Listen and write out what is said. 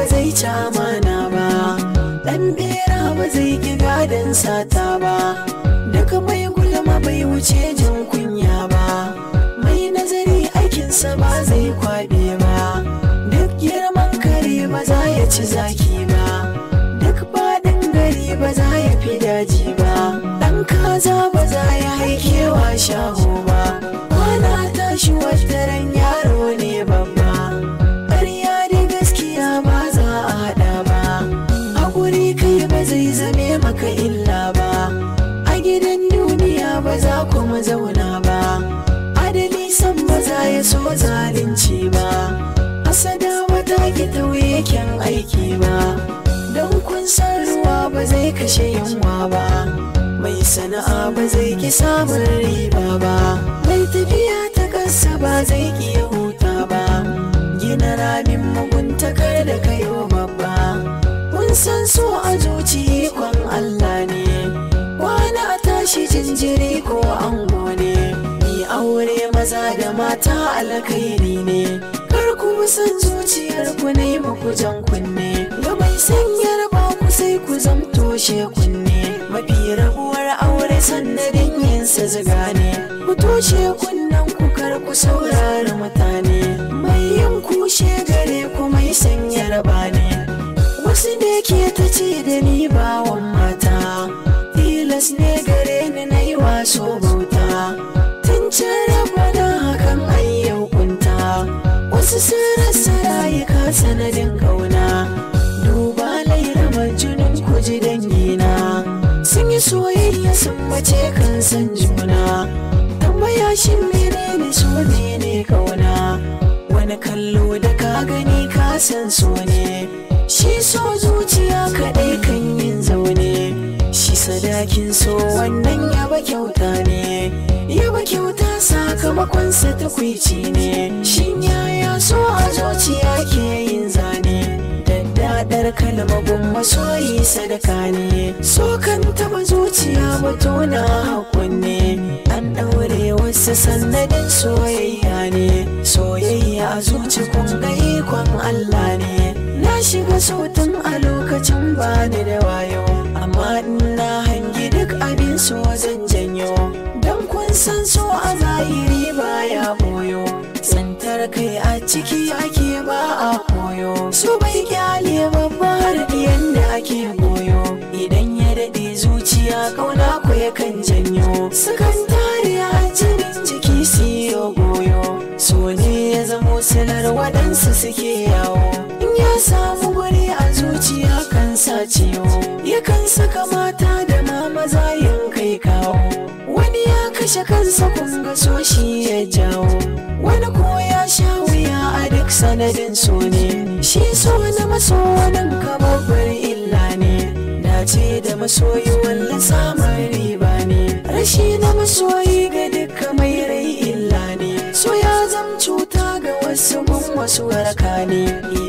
ba zai ca mana ba ɗan bera ba zai ki gadon sata ba duka mai gulma bai wuce jin kunya ba mai nazari aikinsa ba zai kwaɓe ba duk girman kare ba za ya ci zaki ba duk baɗin gari ba za ya fi daji ba ɗan kaza ba za ya wa shaho ba so zalunci ba asada wata ki tauye aiki ba don kun san ruwa ba zai kashe yunwa ba mai sana'a ba zai ki samun riba ba mai tafiya ta kasa ba zai ki ya huta ba gina ramin muguntakar da kaiwa babba mun san so a zuci ikon Allah ne wani a tashi jinjiri ko an maza da mata alkhairi ne kar ku san zuciyar ku ne muku jan kunne ba mai sanyar ba ku sai ku zamto kunne. mafi rabuwar aure sannadin yin sa zuga ne ku toshe kunnen ku kar ku saurari mutane mai yin kushe gare ku mai sanyar ba ne wasu da ke ta ce da ni ba sanadin kauna duba lairama majinin ku ji dangina sun yi soyayya sun mace kan san juna tambaya shi menene so ne kauna wani kallo da ka gani ka san so ne shi so zuciya kaɗai kan yin zaune shi sadakin so wannan ya ba kyauta sakamakon sa kwici ne shin yaya so a zuciya ke yin zane daddadar kalmagun masoyi sadaka ne so kan taba zuciya ba na hakunne an daure wasu sannadin soyayya ne soyayya a zuci kun gai kwan Allah ne na shiga sautin a lokacin ya boyo santar kai a ciki ake ba a koyo su bai kyale babba har da ake boyo idan ya daɗe zuciya kauna ku kan janyo sukan tare a jinin jiki yi goyo so ne ya zamo sanar waɗansu suke yawo in ya samu guri a zuciya kan sa ciwo yakan saka mata sa kun so shi ya jawo wani ko ya sha wuya a duk sanadin so ne shi so na maso wani kababbar illa ne dace da masoyi wani samun riba ne rashi na masoyi ga duka mai rai illa ne so ya zam cuta ga wasu mun wasu raka ne